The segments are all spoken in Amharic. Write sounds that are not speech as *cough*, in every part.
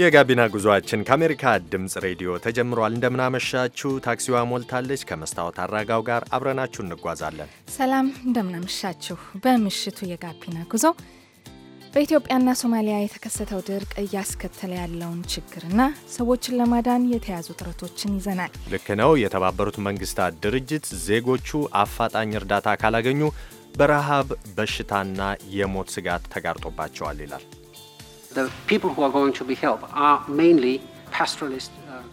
የጋቢና ጉዞአችን ከአሜሪካ ድምፅ ሬዲዮ ተጀምሯል። እንደምናመሻችሁ ታክሲዋ ሞልታለች። ከመስታወት አራጋው ጋር አብረናችሁ እንጓዛለን። ሰላም እንደምናመሻችሁ። በምሽቱ የጋቢና ጉዞ በኢትዮጵያና ሶማሊያ የተከሰተው ድርቅ እያስከተለ ያለውን ችግርና ሰዎችን ለማዳን የተያዙ ጥረቶችን ይዘናል። ልክ ነው። የተባበሩት መንግስታት ድርጅት ዜጎቹ አፋጣኝ እርዳታ ካላገኙ በረሃብ በሽታና የሞት ስጋት ተጋርጦባቸዋል ይላል። Uh,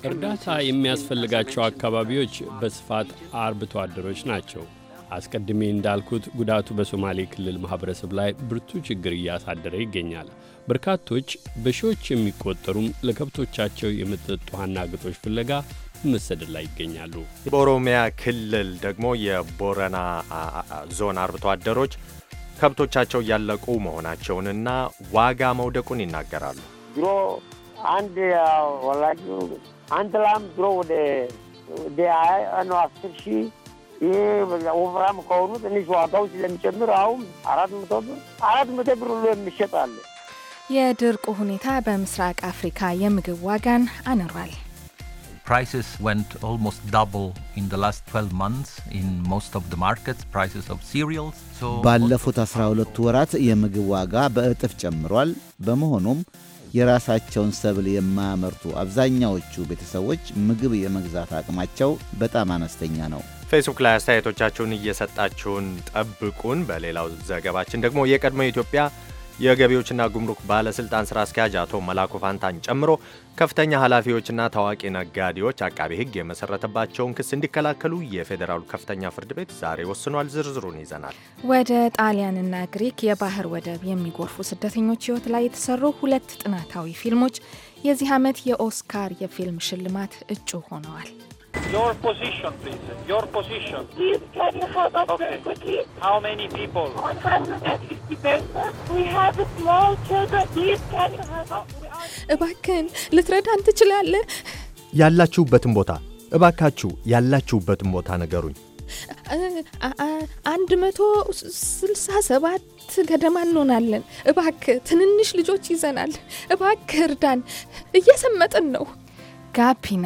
እርዳታ የሚያስፈልጋቸው አካባቢዎች በስፋት አርብቶ አደሮች ናቸው። አስቀድሜ እንዳልኩት ጉዳቱ በሶማሌ ክልል ማኅበረሰብ ላይ ብርቱ ችግር እያሳደረ ይገኛል። በርካቶች በሺዎች የሚቆጠሩም ለከብቶቻቸው የመጠጥ ውሃና ግጦሽ ፍለጋ መሰደድ ላይ ይገኛሉ። በኦሮሚያ ክልል ደግሞ የቦረና ዞን አርብቶ አደሮች ከብቶቻቸው እያለቁ መሆናቸውንና ዋጋ መውደቁን ይናገራሉ። ድሮ አንድ ወላጅ አንድ ላም ድሮ ወደ ወደ ነው አስር ሺህ ይህ ወፍራም ከሆኑ ትንሽ ዋጋው ስለሚጨምር አሁን አራት መቶ ብር አራት መቶ ብር ሁሉ የሚሸጣለ የድርቁ ሁኔታ በምስራቅ አፍሪካ የምግብ ዋጋን አኑሯል። prices went almost double in the last 12 months in most of the markets, prices of cereals. So ባለፉት 12 ወራት የምግብ ዋጋ በእጥፍ ጨምሯል። በመሆኑም የራሳቸውን ሰብል የማያመርቱ አብዛኛዎቹ ቤተሰቦች ምግብ የመግዛት አቅማቸው በጣም አነስተኛ ነው። ፌስቡክ ላይ አስተያየቶቻችሁን እየሰጣችሁን ጠብቁን። በሌላው ዘገባችን ደግሞ የቀድሞ ኢትዮጵያ የገቢዎችና ጉምሩክ ባለስልጣን ስራ አስኪያጅ አቶ መላኩ ፋንታን ጨምሮ ከፍተኛ ኃላፊዎችና ታዋቂ ነጋዴዎች አቃቢ ሕግ የመሰረተባቸውን ክስ እንዲከላከሉ የፌዴራሉ ከፍተኛ ፍርድ ቤት ዛሬ ወስኗል። ዝርዝሩን ይዘናል። ወደ ጣሊያንና ግሪክ የባህር ወደብ የሚጎርፉ ስደተኞች ሕይወት ላይ የተሰሩ ሁለት ጥናታዊ ፊልሞች የዚህ ዓመት የኦስካር የፊልም ሽልማት እጩ ሆነዋል። Your position, please. Your position. Please, can you help us okay. quickly? How many people? 150 people. We have small children. Please, can you help us? እባክን ልትረዳን ትችላለህ? ያላችሁበትን ቦታ እባካችሁ ያላችሁበትን ቦታ ነገሩኝ። አንድ መቶ ስልሳ ሰባት ገደማ እንሆናለን። እባክ ትንንሽ ልጆች ይዘናል። እባክ እርዳን፣ እየሰመጥን ነው። ጋፒና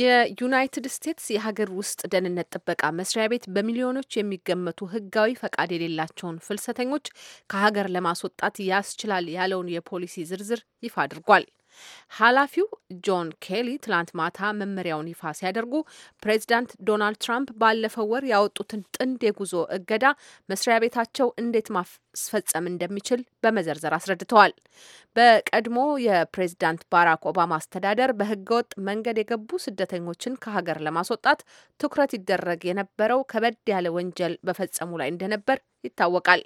የዩናይትድ ስቴትስ የሀገር ውስጥ ደህንነት ጥበቃ መስሪያ ቤት በሚሊዮኖች የሚገመቱ ህጋዊ ፈቃድ የሌላቸውን ፍልሰተኞች ከሀገር ለማስወጣት ያስችላል ያለውን የፖሊሲ ዝርዝር ይፋ አድርጓል። ኃላፊው ጆን ኬሊ ትላንት ማታ መመሪያውን ይፋ ሲያደርጉ ፕሬዚዳንት ዶናልድ ትራምፕ ባለፈው ወር ያወጡትን ጥንድ የጉዞ እገዳ መስሪያ ቤታቸው እንዴት ማስፈጸም እንደሚችል በመዘርዘር አስረድተዋል። በቀድሞ የፕሬዚዳንት ባራክ ኦባማ አስተዳደር በህገወጥ መንገድ የገቡ ስደተኞችን ከሀገር ለማስወጣት ትኩረት ይደረግ የነበረው ከበድ ያለ ወንጀል በፈጸሙ ላይ እንደነበር ይታወቃል።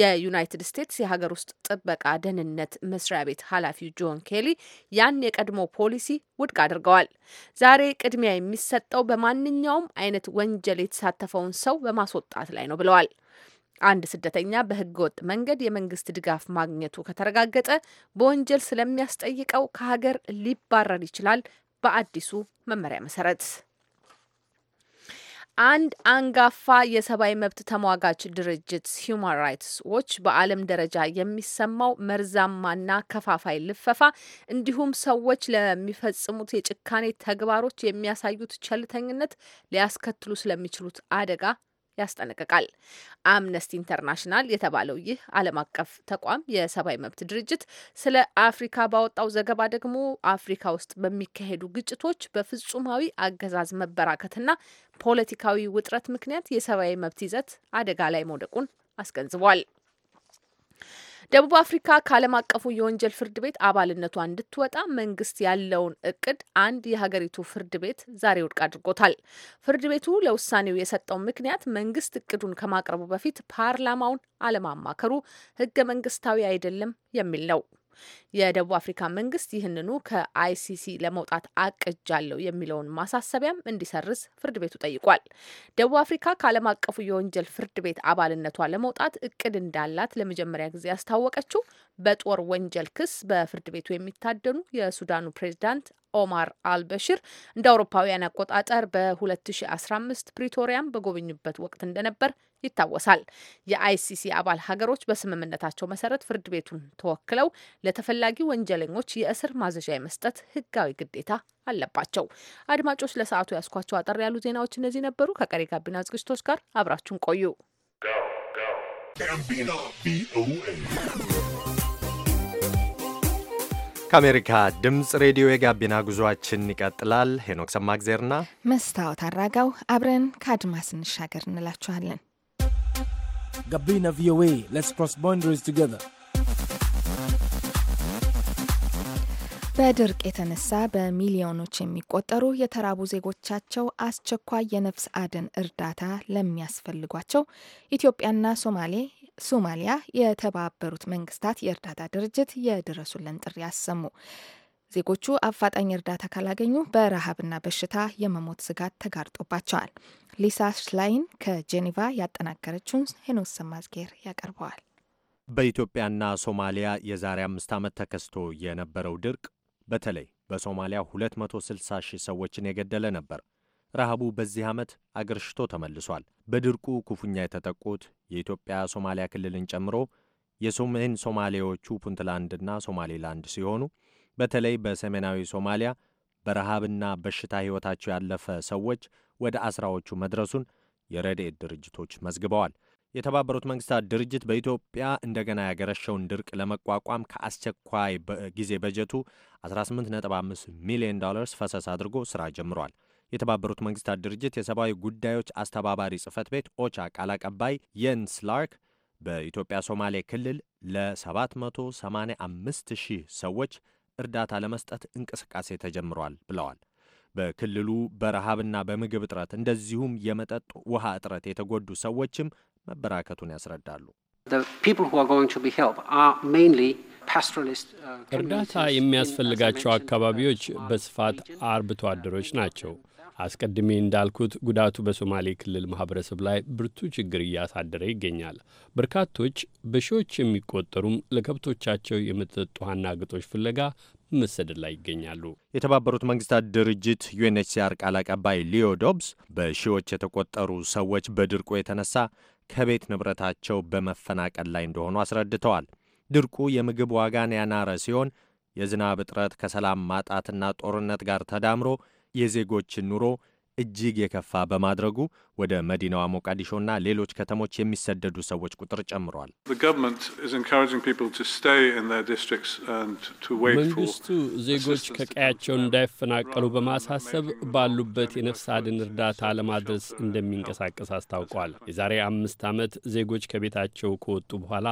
የዩናይትድ ስቴትስ የሀገር ውስጥ ጥበቃ ደህንነት መስሪያ ቤት ኃላፊው ጆን ኬሊ ያን የቀድሞ ፖሊሲ ውድቅ አድርገዋል። ዛሬ ቅድሚያ የሚሰጠው በማንኛውም አይነት ወንጀል የተሳተፈውን ሰው በማስወጣት ላይ ነው ብለዋል። አንድ ስደተኛ በህገ ወጥ መንገድ የመንግስት ድጋፍ ማግኘቱ ከተረጋገጠ በወንጀል ስለሚያስጠይቀው ከሀገር ሊባረር ይችላል በአዲሱ መመሪያ መሰረት አንድ አንጋፋ የሰብአዊ መብት ተሟጋች ድርጅት ሂውማን ራይትስ ዎች በዓለም ደረጃ የሚሰማው መርዛማና ከፋፋይ ልፈፋ እንዲሁም ሰዎች ለሚፈጽሙት የጭካኔ ተግባሮች የሚያሳዩት ቸልተኝነት ሊያስከትሉ ስለሚችሉት አደጋ ያስጠነቅቃል። አምነስቲ ኢንተርናሽናል የተባለው ይህ ዓለም አቀፍ ተቋም የሰብአዊ መብት ድርጅት ስለ አፍሪካ ባወጣው ዘገባ ደግሞ አፍሪካ ውስጥ በሚካሄዱ ግጭቶች በፍጹማዊ አገዛዝ መበራከትና ፖለቲካዊ ውጥረት ምክንያት የሰብአዊ መብት ይዘት አደጋ ላይ መውደቁን አስገንዝቧል። ደቡብ አፍሪካ ከዓለም አቀፉ የወንጀል ፍርድ ቤት አባልነቷ እንድትወጣ መንግስት ያለውን እቅድ አንድ የሀገሪቱ ፍርድ ቤት ዛሬ ውድቅ አድርጎታል። ፍርድ ቤቱ ለውሳኔው የሰጠው ምክንያት መንግስት እቅዱን ከማቅረቡ በፊት ፓርላማውን አለማማከሩ ህገ መንግስታዊ አይደለም የሚል ነው። የደቡብ አፍሪካ መንግስት ይህንኑ ከአይሲሲ ለመውጣት አቅጃለሁ የሚለውን ማሳሰቢያም እንዲሰርዝ ፍርድ ቤቱ ጠይቋል። ደቡብ አፍሪካ ከዓለም አቀፉ የወንጀል ፍርድ ቤት አባልነቷ ለመውጣት እቅድ እንዳላት ለመጀመሪያ ጊዜ ያስታወቀችው በጦር ወንጀል ክስ በፍርድ ቤቱ የሚታደኑ የሱዳኑ ፕሬዚዳንት ኦማር አልበሽር እንደ አውሮፓውያን አቆጣጠር በ2015 ፕሪቶሪያም በጎበኙበት ወቅት እንደነበር ይታወሳል። የአይሲሲ አባል ሀገሮች በስምምነታቸው መሰረት ፍርድ ቤቱን ተወክለው ለተፈላጊ ወንጀለኞች የእስር ማዘዣ የመስጠት ሕጋዊ ግዴታ አለባቸው። አድማጮች፣ ለሰዓቱ ያስኳቸው አጠር ያሉ ዜናዎች እነዚህ ነበሩ። ከቀሪ ጋቢና ዝግጅቶች ጋር አብራችሁን ቆዩ። ከአሜሪካ ድምፅ ሬዲዮ የጋቢና ጉዟችን ይቀጥላል። ሄኖክ ሰማግዜርና መስታወት አራጋው አብረን ከአድማስ እንሻገር እንላችኋለን። ጋቢና ቪኦኤ ሌትስ ክሮስ ቦንደሪስ ቱጌዘር በድርቅ የተነሳ በሚሊዮኖች የሚቆጠሩ የተራቡ ዜጎቻቸው አስቸኳይ የነፍስ አድን እርዳታ ለሚያስፈልጓቸው ኢትዮጵያና ሶማሌ ሶማሊያ የተባበሩት መንግስታት የእርዳታ ድርጅት የድረሱልን ጥሪ አሰሙ። ዜጎቹ አፋጣኝ እርዳታ ካላገኙ በረሃብና በሽታ የመሞት ስጋት ተጋርጦባቸዋል። ሊሳ ሽላይን ከጄኔቫ ያጠናከረችውን ሄኖስ ሰማዝጌር ያቀርበዋል። በኢትዮጵያና ሶማሊያ የዛሬ አምስት ዓመት ተከስቶ የነበረው ድርቅ በተለይ በሶማሊያ 260 ሺህ ሰዎችን የገደለ ነበር። ረሃቡ በዚህ ዓመት አገርሽቶ ተመልሷል። በድርቁ ክፉኛ የተጠቁት የኢትዮጵያ ሶማሊያ ክልልን ጨምሮ የሰሜን ሶማሌዎቹ ፑንትላንድና ሶማሌላንድ ሲሆኑ በተለይ በሰሜናዊ ሶማሊያ በረሃብና በሽታ ሕይወታቸው ያለፈ ሰዎች ወደ አስራዎቹ መድረሱን የረድኤት ድርጅቶች መዝግበዋል። የተባበሩት መንግስታት ድርጅት በኢትዮጵያ እንደገና ያገረሸውን ድርቅ ለመቋቋም ከአስቸኳይ ጊዜ በጀቱ 18.5 ሚሊዮን ዶላርስ ፈሰስ አድርጎ ሥራ ጀምሯል። የተባበሩት መንግስታት ድርጅት የሰብአዊ ጉዳዮች አስተባባሪ ጽህፈት ቤት ኦቻ ቃል አቀባይ የንስ ላርክ በኢትዮጵያ ሶማሌ ክልል ለ785 ሺህ ሰዎች እርዳታ ለመስጠት እንቅስቃሴ ተጀምሯል ብለዋል። በክልሉ በረሃብና በምግብ እጥረት እንደዚሁም የመጠጥ ውሃ እጥረት የተጎዱ ሰዎችም መበራከቱን ያስረዳሉ። uh, እርዳታ የሚያስፈልጋቸው አካባቢዎች በስፋት አርብቶ አደሮች ናቸው። አስቀድሜ እንዳልኩት ጉዳቱ በሶማሌ ክልል ማህበረሰብ ላይ ብርቱ ችግር እያሳደረ ይገኛል። በርካቶች በሺዎች የሚቆጠሩም ለከብቶቻቸው የመጠጥ ውሃና ግጦሽ ፍለጋ መሰደድ ላይ ይገኛሉ። የተባበሩት መንግስታት ድርጅት ዩኤንኤችሲአር ቃል አቀባይ ሊዮ ዶብስ በሺዎች የተቆጠሩ ሰዎች በድርቁ የተነሳ ከቤት ንብረታቸው በመፈናቀል ላይ እንደሆኑ አስረድተዋል። ድርቁ የምግብ ዋጋን ያናረ ሲሆን የዝናብ እጥረት ከሰላም ማጣትና ጦርነት ጋር ተዳምሮ የዜጎችን ኑሮ እጅግ የከፋ በማድረጉ ወደ መዲናዋ ሞቃዲሾና ሌሎች ከተሞች የሚሰደዱ ሰዎች ቁጥር ጨምሯል። መንግስቱ ዜጎች ከቀያቸው እንዳይፈናቀሉ በማሳሰብ ባሉበት የነፍስ አድን እርዳታ ለማድረስ እንደሚንቀሳቀስ አስታውቋል። የዛሬ አምስት ዓመት ዜጎች ከቤታቸው ከወጡ በኋላ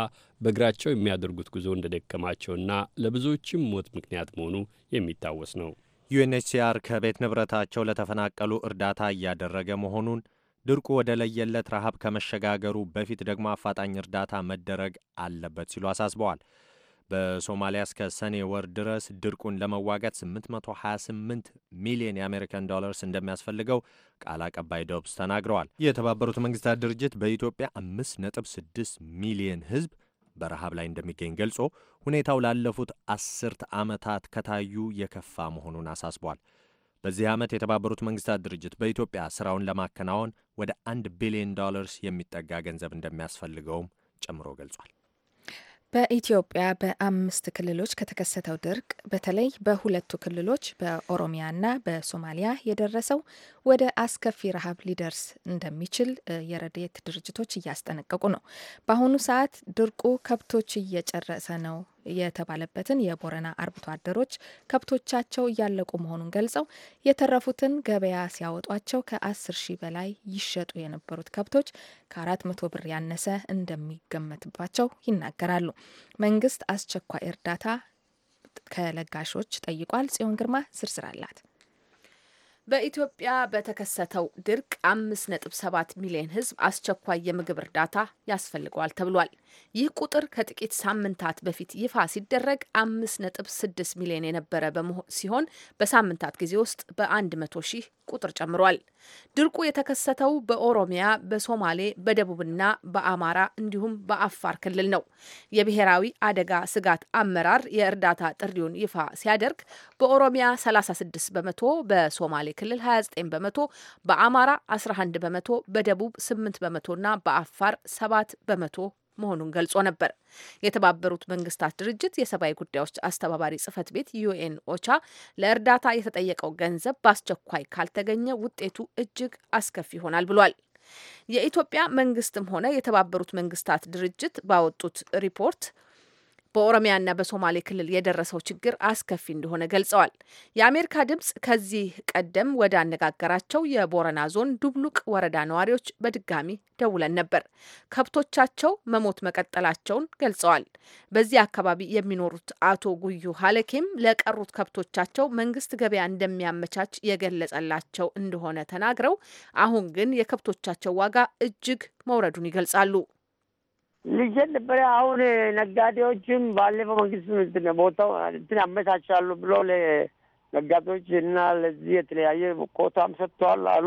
በእግራቸው የሚያደርጉት ጉዞ እንደደከማቸውና ለብዙዎችም ሞት ምክንያት መሆኑ የሚታወስ ነው። ዩኤንኤችሲአር ከቤት ንብረታቸው ለተፈናቀሉ እርዳታ እያደረገ መሆኑን፣ ድርቁ ወደ ለየለት ረሃብ ከመሸጋገሩ በፊት ደግሞ አፋጣኝ እርዳታ መደረግ አለበት ሲሉ አሳስበዋል። በሶማሊያ እስከ ሰኔ ወር ድረስ ድርቁን ለመዋጋት 828 ሚሊዮን የአሜሪካን ዶላርስ እንደሚያስፈልገው ቃል አቀባይ ዶብስ ተናግረዋል። የተባበሩት መንግስታት ድርጅት በኢትዮጵያ 5.6 ሚሊዮን ህዝብ በረሃብ ላይ እንደሚገኝ ገልጾ ሁኔታው ላለፉት አስርት ዓመታት ከታዩ የከፋ መሆኑን አሳስቧል። በዚህ ዓመት የተባበሩት መንግስታት ድርጅት በኢትዮጵያ ስራውን ለማከናወን ወደ አንድ ቢሊዮን ዶላርስ የሚጠጋ ገንዘብ እንደሚያስፈልገውም ጨምሮ ገልጿል። በኢትዮጵያ በአምስት ክልሎች ከተከሰተው ድርቅ በተለይ በሁለቱ ክልሎች በኦሮሚያና በሶማሊያ የደረሰው ወደ አስከፊ ረሃብ ሊደርስ እንደሚችል የረድኤት ድርጅቶች እያስጠነቀቁ ነው። በአሁኑ ሰዓት ድርቁ ከብቶች እየጨረሰ ነው የተባለበትን የቦረና አርብቶ አደሮች ከብቶቻቸው እያለቁ መሆኑን ገልጸው የተረፉትን ገበያ ሲያወጧቸው ከአስር ሺህ በላይ ይሸጡ የነበሩት ከብቶች ከአራት መቶ ብር ያነሰ እንደሚገመትባቸው ይናገራሉ። መንግስት አስቸኳይ እርዳታ ከለጋሾች ጠይቋል። ጽዮን ግርማ ዝርዝር አላት። በኢትዮጵያ በተከሰተው ድርቅ አምስት ነጥብ ሰባት ሚሊዮን ህዝብ አስቸኳይ የምግብ እርዳታ ያስፈልገዋል ተብሏል። ይህ ቁጥር ከጥቂት ሳምንታት በፊት ይፋ ሲደረግ አምስት ነጥብ ስድስት ሚሊዮን የነበረ ሲሆን በሳምንታት ጊዜ ውስጥ በአንድ መቶ ሺህ ቁጥር ጨምሯል። ድርቁ የተከሰተው በኦሮሚያ፣ በሶማሌ፣ በደቡብና በአማራ እንዲሁም በአፋር ክልል ነው። የብሔራዊ አደጋ ስጋት አመራር የእርዳታ ጥሪውን ይፋ ሲያደርግ በኦሮሚያ 36 በመቶ፣ በሶማሌ ክልል 29 በመቶ፣ በአማራ 11 በመቶ፣ በደቡብ 8 በመቶና በአፋር 7 በመቶ መሆኑን ገልጾ ነበር። የተባበሩት መንግስታት ድርጅት የሰብአዊ ጉዳዮች አስተባባሪ ጽህፈት ቤት ዩኤን ኦቻ ለእርዳታ የተጠየቀው ገንዘብ በአስቸኳይ ካልተገኘ ውጤቱ እጅግ አስከፊ ይሆናል ብሏል። የኢትዮጵያ መንግስትም ሆነ የተባበሩት መንግስታት ድርጅት ባወጡት ሪፖርት በኦሮሚያና በሶማሌ ክልል የደረሰው ችግር አስከፊ እንደሆነ ገልጸዋል። የአሜሪካ ድምፅ ከዚህ ቀደም ወደ አነጋገራቸው የቦረና ዞን ዱብሉቅ ወረዳ ነዋሪዎች በድጋሚ ደውለን ነበር። ከብቶቻቸው መሞት መቀጠላቸውን ገልጸዋል። በዚህ አካባቢ የሚኖሩት አቶ ጉዩ ሀለኬም ለቀሩት ከብቶቻቸው መንግስት ገበያ እንደሚያመቻች የገለጸላቸው እንደሆነ ተናግረው አሁን ግን የከብቶቻቸው ዋጋ እጅግ መውረዱን ይገልጻሉ። ልጄ ነበረ። አሁን ነጋዴዎችም ባለፈው መንግስት እንትን ቦታው እንትን አመቻቻሉ ብሎ ለነጋዴዎች እና ለዚህ የተለያየ ኮታም ሰጥተዋል አሉ።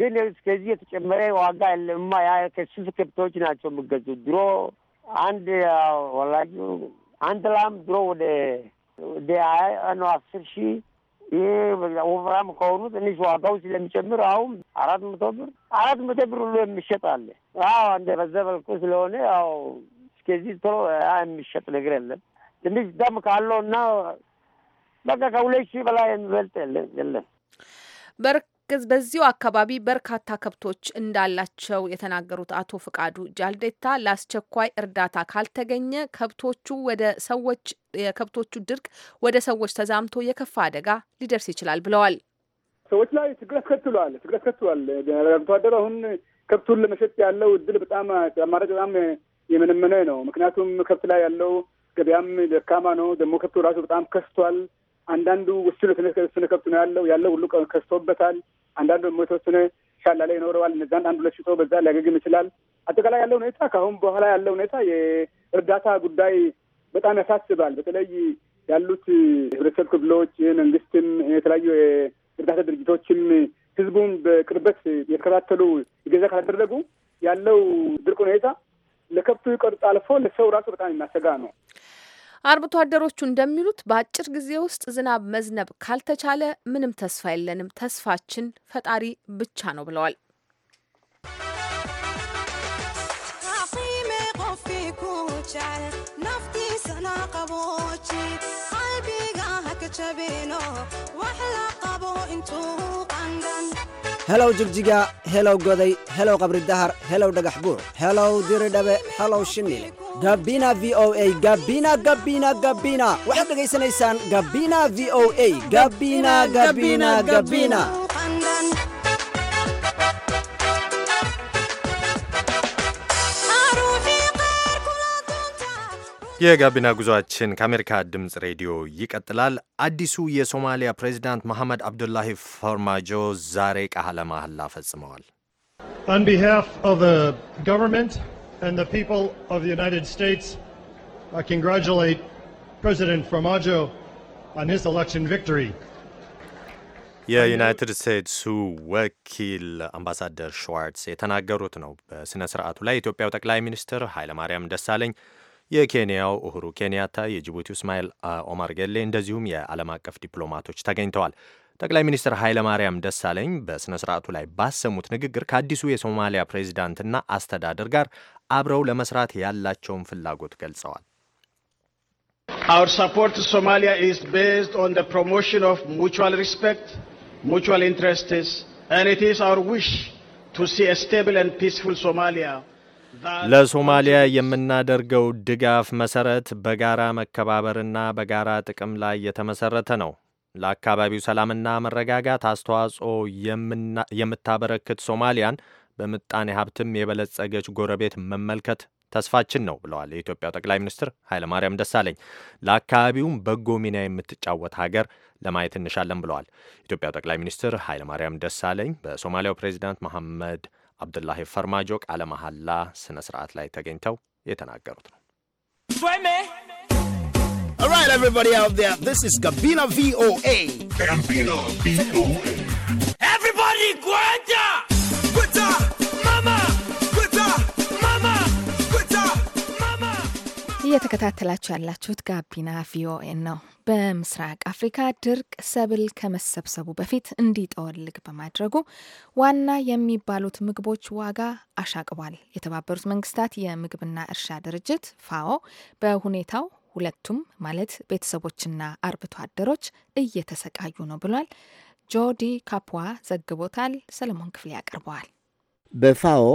ግን እስከዚህ የተጨመረ ዋጋ የለማ። ያ ከሱስ ከብቶች ናቸው የምገዙ። ድሮ አንድ ወላጁ አንድ ላም ድሮ ወደ ወደ ሀያ ነው አስር ሺህ ይህ ወፍራም ከሆኑ ትንሽ ዋጋው ስለሚጨምር አሁን አራት መቶ ብር አራት መቶ ብር ሁሉ የሚሸጥ አለ። አዎ እንደ በዛ ስለሆነ ያው እስከዚህ ቶሎ የሚሸጥ ነገር የለም። ትንሽ ደም ካለው እና በቃ ከሁለት ሺህ በላይ የሚበልጥ የለም። በዚሁ አካባቢ በርካታ ከብቶች እንዳላቸው የተናገሩት አቶ ፍቃዱ ጃልዴታ ለአስቸኳይ እርዳታ ካልተገኘ ከብቶቹ ወደ ሰዎች የከብቶቹ ድርቅ ወደ ሰዎች ተዛምቶ የከፋ አደጋ ሊደርስ ይችላል ብለዋል። ሰዎች ላይ ችግር አስከትሏል ችግር አስከትሏል። አርብቶ አሁን ከብቱን ለመሸጥ ያለው እድል በጣም አማራጭ በጣም የመነመነ ነው። ምክንያቱም ከብት ላይ ያለው ገበያም ደካማ ነው። ደግሞ ከብቱ ራሱ በጣም ከስቷል። አንዳንዱ ወስኖ ስነ ከብት ነው ያለው ያለው ሁሉ ከስቶበታል። አንዳንዱ ደግሞ የተወሰነ ሻላ ላይ ይኖረዋል። እነዚ አንዳንዱ ለሽቶ በዛ ሊያገግም ይችላል። አጠቃላይ ያለው ሁኔታ ከአሁን በኋላ ያለው ሁኔታ የእርዳታ ጉዳይ በጣም ያሳስባል። በተለይ ያሉት የህብረተሰብ ክፍሎች መንግስትም፣ የተለያዩ የእርዳታ ድርጅቶችም ህዝቡን በቅርበት የተከታተሉ ገዛ ካላደረጉ ያለው ድርቅ ሁኔታ ለከብቱ ቀርጽ አልፎ ለሰው ራሱ በጣም የሚያሰጋ ነው። አርብቶ አደሮቹ እንደሚሉት በአጭር ጊዜ ውስጥ ዝናብ መዝነብ ካልተቻለ ምንም ተስፋ የለንም፣ ተስፋችን ፈጣሪ ብቻ ነው ብለዋል። helow jigjiga helow goday helow qabri dahar helow dhagax buur helow diridhabe helow shiniile gabina v o a gabina gabina gabina waxaad dhegaysanaysaan gabina v o a gabina gabina gabina የጋቢና ጉዞአችን ከአሜሪካ ድምፅ ሬዲዮ ይቀጥላል። አዲሱ የሶማሊያ ፕሬዚዳንት መሐመድ አብዱላሂ ፈርማጆ ዛሬ ቃለ መሐላ ፈጽመዋል። and the people of the United States I congratulate President Formaggio on his election victory. የዩናይትድ ስቴትሱ ወኪል አምባሳደር ሸዋርትስ የተናገሩት ነው። በሥነ ሥርዓቱ ላይ የኢትዮጵያው ጠቅላይ ሚኒስትር ኃይለማርያም ደሳለኝ፣ የኬንያው እሁሩ ኬንያታ፣ የጅቡቲው እስማኤል ኦማር ጌሌ እንደዚሁም የዓለም አቀፍ ዲፕሎማቶች ተገኝተዋል። ጠቅላይ ሚኒስትር ኃይለማርያም ደሳለኝ በሥነ ሥርዓቱ ላይ ባሰሙት ንግግር ከአዲሱ የሶማሊያ ፕሬዚዳንትና አስተዳደር ጋር አብረው ለመስራት ያላቸውን ፍላጎት ገልጸዋል። Our support to Somalia is based on the promotion of mutual respect, mutual interests, and it is our wish to see a stable and peaceful Somalia. ለሶማሊያ የምናደርገው ድጋፍ መሰረት በጋራ መከባበርና በጋራ ጥቅም ላይ የተመሰረተ ነው። ለአካባቢው ሰላምና መረጋጋት አስተዋጽኦ የምታበረክት ሶማሊያን በምጣኔ ሀብትም የበለጸገች ጎረቤት መመልከት ተስፋችን ነው ብለዋል የኢትዮጵያው ጠቅላይ ሚኒስትር ኃይለማርያም ደሳለኝ። ለአካባቢውም በጎ ሚና የምትጫወት ሀገር ለማየት እንሻለን ብለዋል። ኢትዮጵያው ጠቅላይ ሚኒስትር ኃይለማርያም ደሳለኝ በሶማሊያው ፕሬዚዳንት መሐመድ አብዱላሂ ፈርማጆ ቃለ መሐላ ስነ ስርዓት ላይ ተገኝተው የተናገሩት ነው። All right, everybody out there, this is Gabina VOA. Gabina VOA. እየተከታተላችሁ ያላችሁት ጋቢና ቪኦኤን ነው። በምስራቅ አፍሪካ ድርቅ ሰብል ከመሰብሰቡ በፊት እንዲጠወልግ በማድረጉ ዋና የሚባሉት ምግቦች ዋጋ አሻቅቧል። የተባበሩት መንግስታት የምግብና እርሻ ድርጅት ፋኦ በሁኔታው ሁለቱም ማለት ቤተሰቦችና አርብቶ አደሮች እየተሰቃዩ ነው ብሏል። ጆዲ ካፑዋ ዘግቦታል። ሰለሞን ክፍሌ ያቀርበዋል። በፋኦ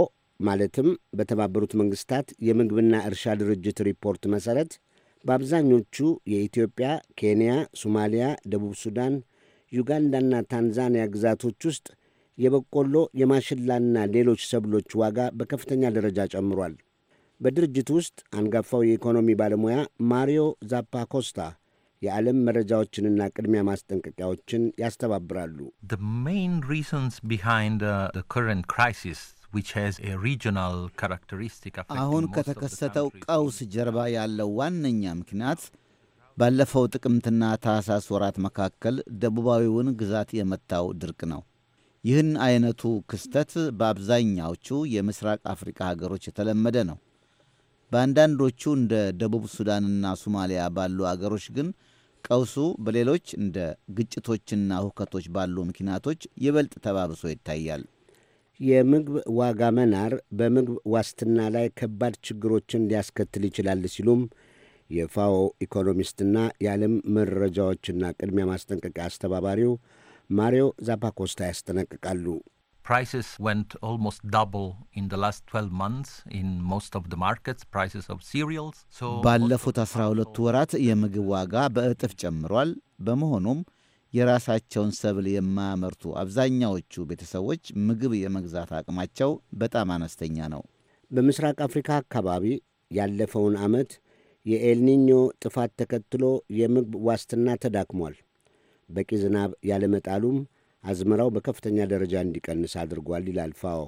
ማለትም በተባበሩት መንግስታት የምግብና እርሻ ድርጅት ሪፖርት መሠረት በአብዛኞቹ የኢትዮጵያ፣ ኬንያ፣ ሶማሊያ፣ ደቡብ ሱዳን፣ ዩጋንዳና ታንዛኒያ ግዛቶች ውስጥ የበቆሎ የማሽላና ሌሎች ሰብሎች ዋጋ በከፍተኛ ደረጃ ጨምሯል። በድርጅቱ ውስጥ አንጋፋው የኢኮኖሚ ባለሙያ ማሪዮ ዛፓኮስታ የዓለም መረጃዎችንና ቅድሚያ ማስጠንቀቂያዎችን ያስተባብራሉ። አሁን ከተከሰተው ቀውስ ጀርባ ያለው ዋነኛ ምክንያት ባለፈው ጥቅምትና ታህሳስ ወራት መካከል ደቡባዊውን ግዛት የመታው ድርቅ ነው። ይህን አይነቱ ክስተት በአብዛኛዎቹ የምስራቅ አፍሪካ ሀገሮች የተለመደ ነው። በአንዳንዶቹ እንደ ደቡብ ሱዳንና ሶማሊያ ባሉ አገሮች ግን ቀውሱ በሌሎች እንደ ግጭቶችና ሁከቶች ባሉ ምክንያቶች ይበልጥ ተባብሶ ይታያል። የምግብ ዋጋ መናር በምግብ ዋስትና ላይ ከባድ ችግሮችን ሊያስከትል ይችላል ሲሉም የፋኦ ኢኮኖሚስትና የዓለም መረጃዎችና ቅድሚያ ማስጠንቀቂያ አስተባባሪው ማሪዮ ዛፓኮስታ ያስጠነቅቃሉ። ባለፉት ሁለቱ ወራት የምግብ ዋጋ በእጥፍ ጨምሯል። በመሆኑም የራሳቸውን ሰብል የማያመርቱ አብዛኛዎቹ ቤተሰቦች ምግብ የመግዛት አቅማቸው በጣም አነስተኛ ነው። በምስራቅ አፍሪካ አካባቢ ያለፈውን ዓመት የኤልኒኞ ጥፋት ተከትሎ የምግብ ዋስትና ተዳክሟል። በቂ ዝናብ ያለመጣሉም አዝመራው በከፍተኛ ደረጃ እንዲቀንስ አድርጓል ይላል ፋኦ፣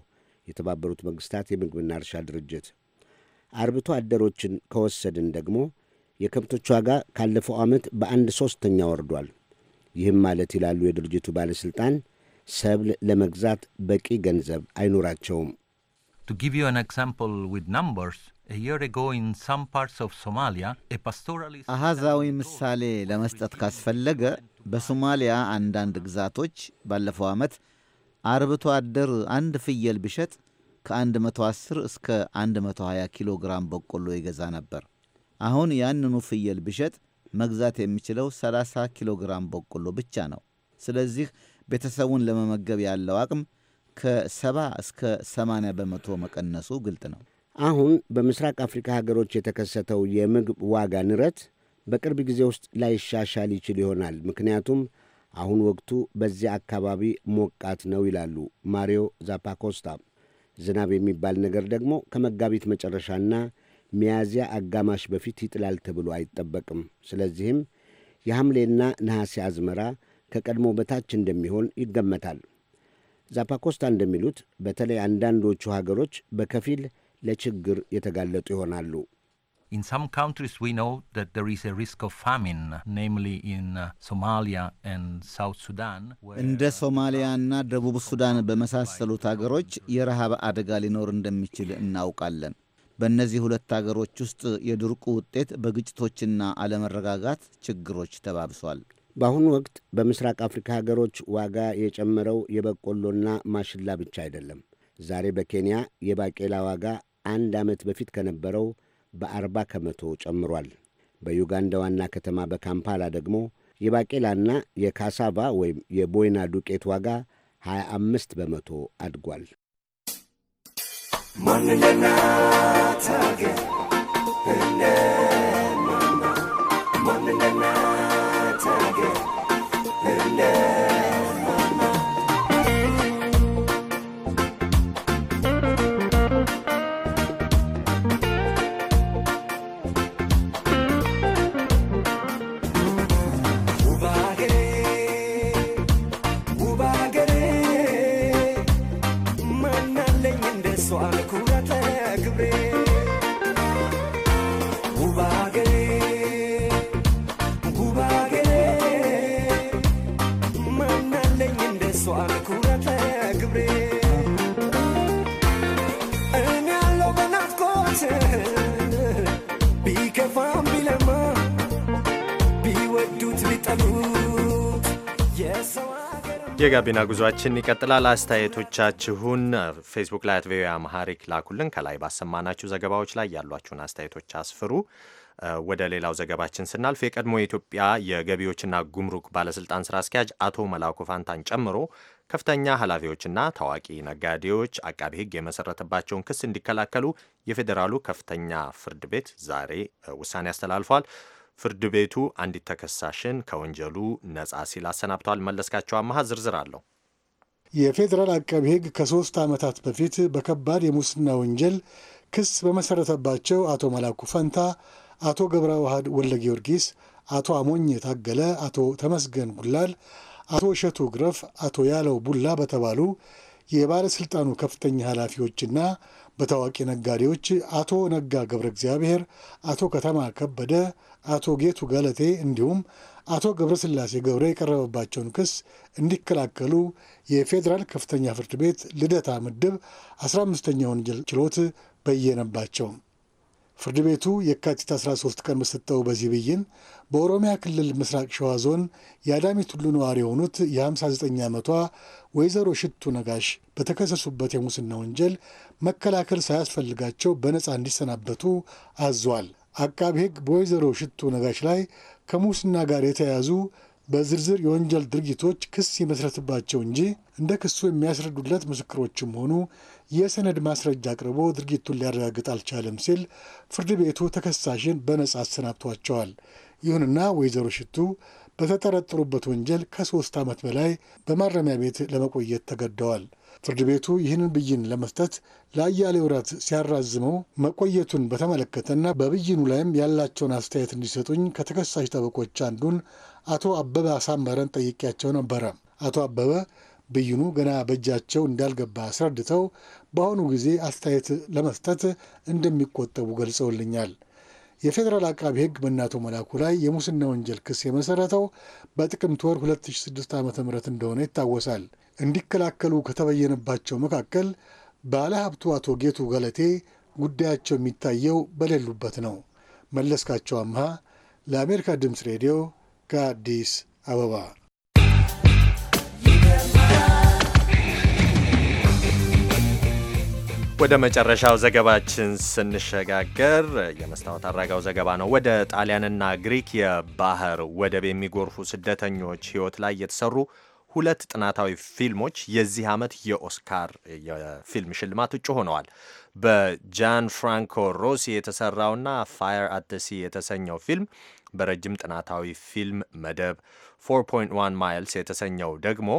የተባበሩት መንግሥታት የምግብና እርሻ ድርጅት። አርብቶ አደሮችን ከወሰድን ደግሞ የከብቶች ዋጋ ካለፈው ዓመት በአንድ ሦስተኛ ወርዷል። ይህም ማለት ይላሉ የድርጅቱ ባለሥልጣን ሰብል ለመግዛት በቂ ገንዘብ አይኖራቸውም። *laughs* አሃዛዊ ምሳሌ ለመስጠት ካስፈለገ በሶማሊያ አንዳንድ ግዛቶች ባለፈው ዓመት አርብቶ አደር አንድ ፍየል ቢሸጥ ከ110 እስከ 120 ኪሎ ግራም በቆሎ ይገዛ ነበር። አሁን ያንኑ ፍየል ቢሸጥ መግዛት የሚችለው 30 ኪሎ ግራም በቆሎ ብቻ ነው። ስለዚህ ቤተሰቡን ለመመገብ ያለው አቅም ከ70 እስከ 80 በመቶ መቀነሱ ግልጥ ነው። አሁን በምስራቅ አፍሪካ ሀገሮች የተከሰተው የምግብ ዋጋ ንረት በቅርብ ጊዜ ውስጥ ላይሻሻል ይችል ይሆናል። ምክንያቱም አሁን ወቅቱ በዚያ አካባቢ ሞቃት ነው ይላሉ ማሪዮ ዛፓኮስታ። ዝናብ የሚባል ነገር ደግሞ ከመጋቢት መጨረሻና ሚያዝያ አጋማሽ በፊት ይጥላል ተብሎ አይጠበቅም። ስለዚህም የሐምሌና ነሐሴ አዝመራ ከቀድሞ በታች እንደሚሆን ይገመታል። ዛፓኮስታ እንደሚሉት በተለይ አንዳንዶቹ ሀገሮች በከፊል ለችግር የተጋለጡ ይሆናሉ። In some countries uh, እንደ ሶማሊያና ደቡብ ሱዳን በመሳሰሉት አገሮች የረሃብ አደጋ ሊኖር እንደሚችል እናውቃለን። በእነዚህ ሁለት አገሮች ውስጥ የድርቁ ውጤት በግጭቶችና አለመረጋጋት ችግሮች ተባብሷል። በአሁኑ ወቅት በምስራቅ አፍሪካ ሀገሮች ዋጋ የጨመረው የበቆሎና ማሽላ ብቻ አይደለም። ዛሬ በኬንያ የባቄላ ዋጋ አንድ ዓመት በፊት ከነበረው በአርባ ከመቶ ጨምሯል። በዩጋንዳ ዋና ከተማ በካምፓላ ደግሞ የባቄላና የካሳቫ ወይም የቦይና ዱቄት ዋጋ 25 በመቶ አድጓል። Money na target. የጋቢና ጉዟችን ይቀጥላል። አስተያየቶቻችሁን ፌስቡክ ላይ አት አማሃሪክ ላኩልን። ከላይ ባሰማናችሁ ዘገባዎች ላይ ያሏችሁን አስተያየቶች አስፍሩ። ወደ ሌላው ዘገባችን ስናልፍ የቀድሞ የኢትዮጵያ የገቢዎችና ጉምሩክ ባለስልጣን ስራ አስኪያጅ አቶ መላኩ ፋንታን ጨምሮ ከፍተኛ ኃላፊዎችና ታዋቂ ነጋዴዎች አቃቢ ሕግ የመሰረተባቸውን ክስ እንዲከላከሉ የፌዴራሉ ከፍተኛ ፍርድ ቤት ዛሬ ውሳኔ አስተላልፏል። ፍርድ ቤቱ አንዲት ተከሳሽን ከወንጀሉ ነጻ ሲል አሰናብተዋል። መለስካቸው አመሃ ዝርዝር አለው። የፌዴራል አቃቢ ሕግ ከሶስት ዓመታት በፊት በከባድ የሙስና ወንጀል ክስ በመሰረተባቸው አቶ መላኩ ፈንታ፣ አቶ ገብረ ዋህድ ወለ ጊዮርጊስ፣ አቶ አሞኝ ታገለ፣ አቶ ተመስገን ጉላል፣ አቶ እሸቱ ግረፍ፣ አቶ ያለው ቡላ በተባሉ የባለሥልጣኑ ከፍተኛ ኃላፊዎችና በታዋቂ ነጋዴዎች አቶ ነጋ ገብረ እግዚአብሔር፣ አቶ ከተማ ከበደ፣ አቶ ጌቱ ገለቴ እንዲሁም አቶ ገብረስላሴ ገብረ የቀረበባቸውን ክስ እንዲከላከሉ የፌዴራል ከፍተኛ ፍርድ ቤት ልደታ ምድብ 15ኛ ወንጀል ችሎት በየነባቸው። ፍርድ ቤቱ የካቲት 13 ቀን በሰጠው በዚህ ብይን በኦሮሚያ ክልል ምስራቅ ሸዋ ዞን የአዳሚ ቱሉ ነዋሪ የሆኑት የ59 ዓመቷ ወይዘሮ ሽቱ ነጋሽ በተከሰሱበት የሙስና ወንጀል መከላከል ሳያስፈልጋቸው በነፃ እንዲሰናበቱ አዟል። አቃቢ ሕግ በወይዘሮ ሽቱ ነጋሽ ላይ ከሙስና ጋር የተያያዙ በዝርዝር የወንጀል ድርጊቶች ክስ ይመስረትባቸው እንጂ እንደ ክሱ የሚያስረዱለት ምስክሮችም ሆኑ የሰነድ ማስረጃ አቅርቦ ድርጊቱን ሊያረጋግጥ አልቻለም ሲል ፍርድ ቤቱ ተከሳሽን በነጻ አሰናብቷቸዋል። ይሁንና ወይዘሮ ሽቱ በተጠረጠሩበት ወንጀል ከሶስት ዓመት በላይ በማረሚያ ቤት ለመቆየት ተገደዋል። ፍርድ ቤቱ ይህንን ብይን ለመስጠት ለአያሌ ወራት ሲያራዝመው መቆየቱን በተመለከተና በብይኑ ላይም ያላቸውን አስተያየት እንዲሰጡኝ ከተከሳሽ ጠበቆች አንዱን አቶ አበበ አሳመረን ጠይቄያቸው ነበረ። አቶ አበበ ብይኑ ገና በእጃቸው እንዳልገባ አስረድተው በአሁኑ ጊዜ አስተያየት ለመስጠት እንደሚቆጠቡ ገልጸውልኛል። የፌዴራል አቃቢ ሕግ በእናቶ መላኩ ላይ የሙስና ወንጀል ክስ የመሰረተው በጥቅምት ወር 2006 ዓ ም እንደሆነ ይታወሳል። እንዲከላከሉ ከተበየነባቸው መካከል ባለሀብቱ አቶ ጌቱ ገለቴ ጉዳያቸው የሚታየው በሌሉበት ነው። መለስካቸው አምሃ ለአሜሪካ ድምፅ ሬዲዮ ከአዲስ አበባ። ወደ መጨረሻው ዘገባችን ስንሸጋገር የመስታወት አራጋው ዘገባ ነው። ወደ ጣሊያንና ግሪክ የባህር ወደብ የሚጎርፉ ስደተኞች ሕይወት ላይ የተሰሩ ሁለት ጥናታዊ ፊልሞች የዚህ ዓመት የኦስካር የፊልም ሽልማት እጩ ሆነዋል። በጃን ፍራንኮ ሮሲ የተሰራውና ፋየር አት የተሰኘው ፊልም በረጅም ጥናታዊ ፊልም መደብ፣ 4.1 ማይልስ የተሰኘው ደግሞ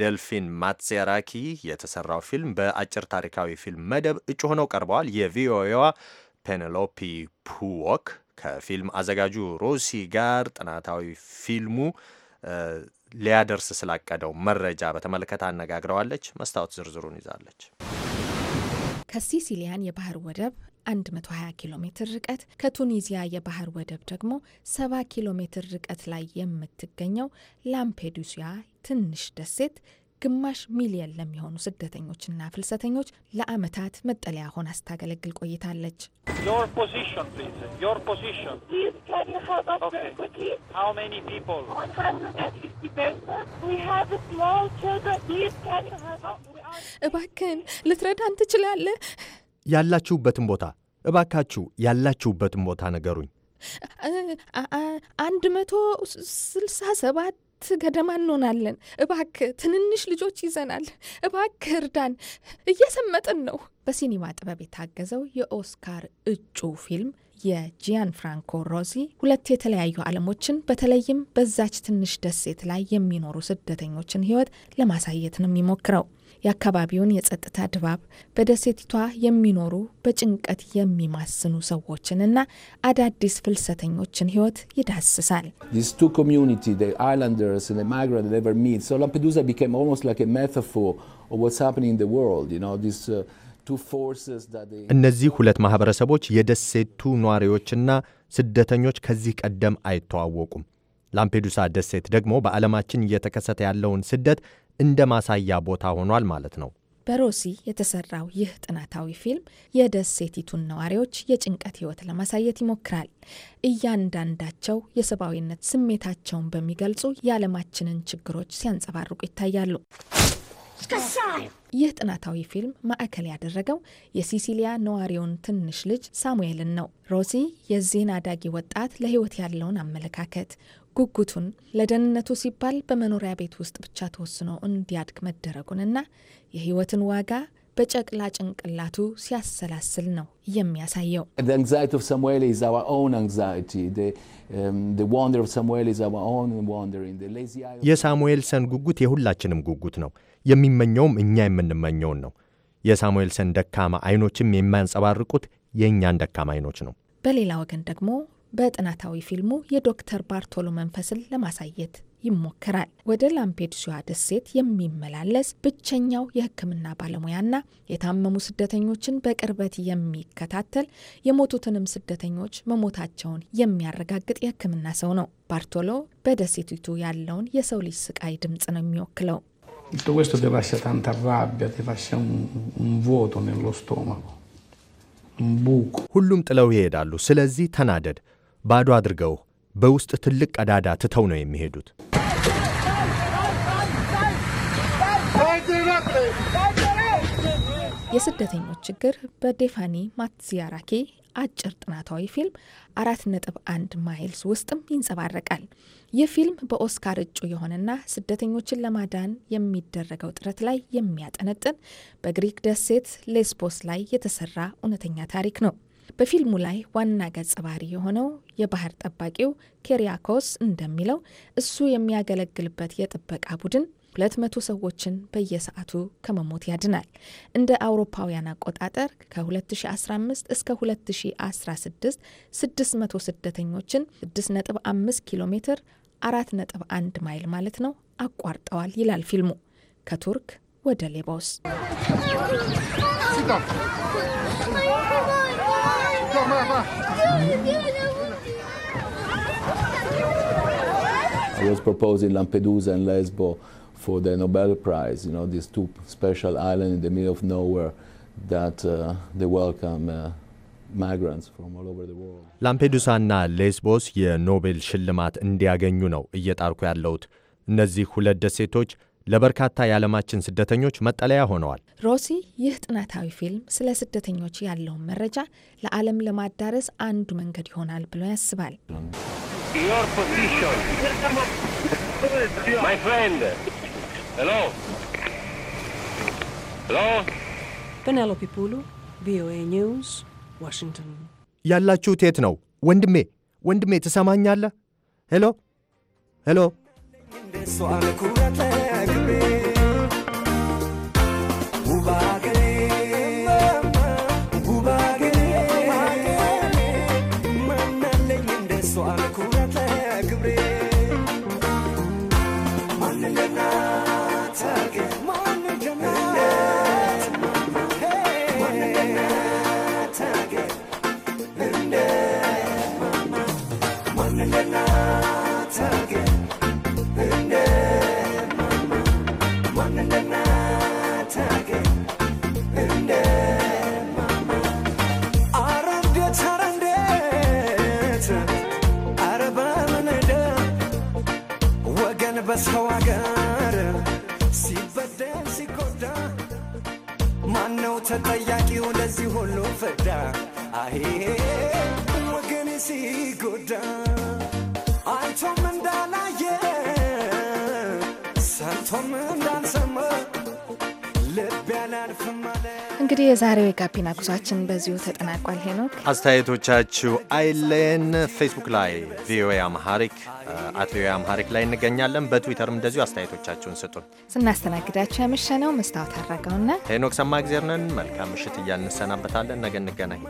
ደልፊን ማትሴራኪ የተሰራው ፊልም በአጭር ታሪካዊ ፊልም መደብ እጩ ሆነው ቀርበዋል። የቪኦኤዋ ፔኔሎፒ ፑወክ ከፊልም አዘጋጁ ሮሲ ጋር ጥናታዊ ፊልሙ ሊያደርስ ስላቀደው መረጃ በተመለከተ አነጋግረዋለች። መስታወት ዝርዝሩን ይዛለች። ከሲሲሊያን የባህር ወደብ 120 ኪሎ ሜትር ርቀት ከቱኒዚያ የባህር ወደብ ደግሞ 70 ኪሎ ሜትር ርቀት ላይ የምትገኘው ላምፔዱሲያ ትንሽ ደሴት ግማሽ ሚሊየን ለሚሆኑ ስደተኞችና ፍልሰተኞች ለአመታት መጠለያ ሆና ስታገለግል ቆይታለች። እባክን ልትረዳን ትችላለህ? ያላችሁበትን ቦታ እባካችሁ ያላችሁበትን ቦታ ነገሩኝ። አንድ መቶ ስልሳ ሰባት ገደማ እንሆናለን። እባክ ትንንሽ ልጆች ይዘናል፣ እባክ እርዳን፣ እየሰመጥን ነው። በሲኒማ ጥበብ የታገዘው የኦስካር እጩ ፊልም የጂያን ፍራንኮ ሮዚ ሁለት የተለያዩ ዓለሞችን በተለይም በዛች ትንሽ ደሴት ላይ የሚኖሩ ስደተኞችን ሕይወት ለማሳየት ነው የሚሞክረው። የአካባቢውን የጸጥታ ድባብ፣ በደሴቲቷ የሚኖሩ በጭንቀት የሚማስኑ ሰዎችንና አዳዲስ ፍልሰተኞችን ሕይወት ይዳስሳል። uh, እነዚህ ሁለት ማኅበረሰቦች የደሴቱ ነዋሪዎችና ስደተኞች ከዚህ ቀደም አይተዋወቁም። ላምፔዱሳ ደሴት ደግሞ በዓለማችን እየተከሰተ ያለውን ስደት እንደ ማሳያ ቦታ ሆኗል ማለት ነው። በሮሲ የተሰራው ይህ ጥናታዊ ፊልም የደሴቲቱን ነዋሪዎች የጭንቀት ሕይወት ለማሳየት ይሞክራል። እያንዳንዳቸው የሰብአዊነት ስሜታቸውን በሚገልጹ የዓለማችንን ችግሮች ሲያንጸባርቁ ይታያሉ። ይህ ጥናታዊ ፊልም ማዕከል ያደረገው የሲሲሊያ ነዋሪውን ትንሽ ልጅ ሳሙኤልን ነው። ሮሲ የዚህን አዳጊ ወጣት ለህይወት ያለውን አመለካከት ጉጉቱን ለደህንነቱ ሲባል በመኖሪያ ቤት ውስጥ ብቻ ተወስኖ እንዲያድግ መደረጉንና የህይወትን ዋጋ በጨቅላ ጭንቅላቱ ሲያሰላስል ነው የሚያሳየው። um, የሳሙኤልሰን ጉጉት የሁላችንም ጉጉት ነው። የሚመኘውም እኛ የምንመኘውን ነው። የሳሙኤልሰን ደካማ አይኖችም የሚያንጸባርቁት የእኛን ደካማ አይኖች ነው። በሌላ ወገን ደግሞ በጥናታዊ ፊልሙ የዶክተር ባርቶሎ መንፈስን ለማሳየት ይሞክራል። ወደ ላምፔዱሳ ደሴት የሚመላለስ ብቸኛው የሕክምና ባለሙያና የታመሙ ስደተኞችን በቅርበት የሚከታተል የሞቱትንም ስደተኞች መሞታቸውን የሚያረጋግጥ የሕክምና ሰው ነው። ባርቶሎ በደሴቲቱ ያለውን የሰው ልጅ ስቃይ ድምፅ ነው የሚወክለው። ሁሉም ጥለው ይሄዳሉ። ስለዚህ ተናደድ ባዶ አድርገው በውስጥ ትልቅ ቀዳዳ ትተው ነው የሚሄዱት። የስደተኞች ችግር በዴፋኒ ማትዚያራኬ አጭር ጥናታዊ ፊልም አንድ ማይልስ ውስጥም ይንጸባረቃል። ይህ ፊልም በኦስካር እጩ የሆነና ስደተኞችን ለማዳን የሚደረገው ጥረት ላይ የሚያጠነጥን በግሪክ ደሴት ሌስቦስ ላይ የተሰራ እውነተኛ ታሪክ ነው። በፊልሙ ላይ ዋና ገጸ ባህሪ የሆነው የባህር ጠባቂው ኬሪያኮስ እንደሚለው እሱ የሚያገለግልበት የጥበቃ ቡድን 200 ሰዎችን በየሰዓቱ ከመሞት ያድናል። እንደ አውሮፓውያን አቆጣጠር ከ2015 እስከ 2016 600 ስደተኞችን 6.5 ኪሎ ሜትር 4.1 ማይል ማለት ነው አቋርጠዋል ይላል ፊልሙ። ከቱርክ ወደ ሌቦስ። I was proposing Lampedusa and Lesbo for the Nobel Prize, you know, these two special islands in the middle of nowhere that uh, they welcome uh, migrants from all over the world. Lampedusa and the Nobel ላምፔዱሳና ሌስቦስ የኖቤል ሽልማት እንዲያገኙ ነው እየጣርኩ ያለሁት። እነዚህ ሁለት ደሴቶች ለበርካታ የዓለማችን ስደተኞች መጠለያ ሆነዋል። ሮሲ ይህ ጥናታዊ ፊልም ስለ ስደተኞች ያለውን መረጃ ለዓለም ለማዳረስ አንዱ መንገድ ይሆናል ብሎ ያስባል። ፔኔሎፒ ፑሉ፣ ቪኦኤ ኒውስ፣ ዋሽንግተን። ያላችሁት የት ነው? ወንድሜ ወንድሜ፣ ትሰማኛለህ? ሄሎ ሄሎ like me. ተጠያቂው ለዚህ ሁሉ ፍዳ አይ ወገን ሲጎዳ አይቶም እንዳላየ ሰምቶም እንዳልሰማ ልብ ያላልፍም አለ እንግዲህ የዛሬው የጋቢና ጉዟችን በዚሁ ተጠናቋል። ሄኖክ አስተያየቶቻችሁ አይለየን። ፌስቡክ ላይ ቪኦኤ አምሃሪክ አት ቪኦኤ አምሃሪክ ላይ እንገኛለን። በትዊተርም እንደዚሁ አስተያየቶቻችሁን ስጡን። ስናስተናግዳችሁ ያመሸነው መስታወት አድረገውና ሄኖክ ሰማ ጊዜር ነን። መልካም ምሽት እያ እንሰናበታለን። ነገ እንገናኝ።